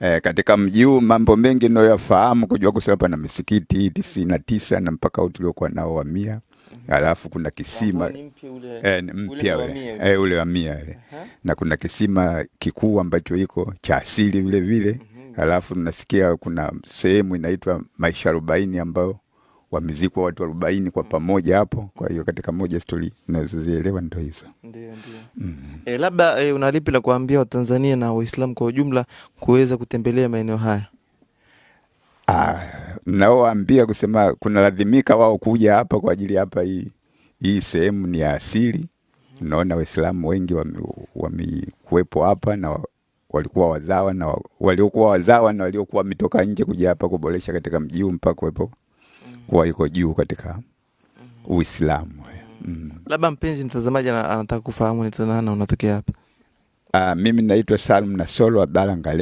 E, katika mji huu mambo mengi yafahamu kujua kusema pana misikiti tisini na tisa na mpaka tuliokuwa nao wa mia Alafu kuna kisima mpya eh, eh, ule wa mia ule na kuna kisima kikuu ambacho iko cha asili vile vile. Mhm. Alafu nasikia kuna sehemu inaitwa maisha arobaini ambayo wamezikwa watu arobaini kwa pamoja hapo. Kwa hiyo katika moja stori nazozielewa ndo hizo. Ndio, ndio. Mm. E, labda e, una lipi la kuambia Watanzania na Waislamu kwa ujumla kuweza kutembelea maeneo haya? Ah, naoambia kusema kunalazimika wao kuja hapa kwa ajili hapa, hii hii sehemu ni ya asili. Naona Waislamu wengi wamekuwepo wame hapa na walikuwa wazawa na waliokuwa wazawa na waliokuwa wametoka nje kuja hapa kuboresha katika mji huu mpaka kuwepo kuwa iko juu katika Uislamu. Mm. Labda mpenzi mtazamaji anataka kufahamu ni unatokea hapa. Uh, mimi naitwa Salum Nasolo Abdalla Ngale.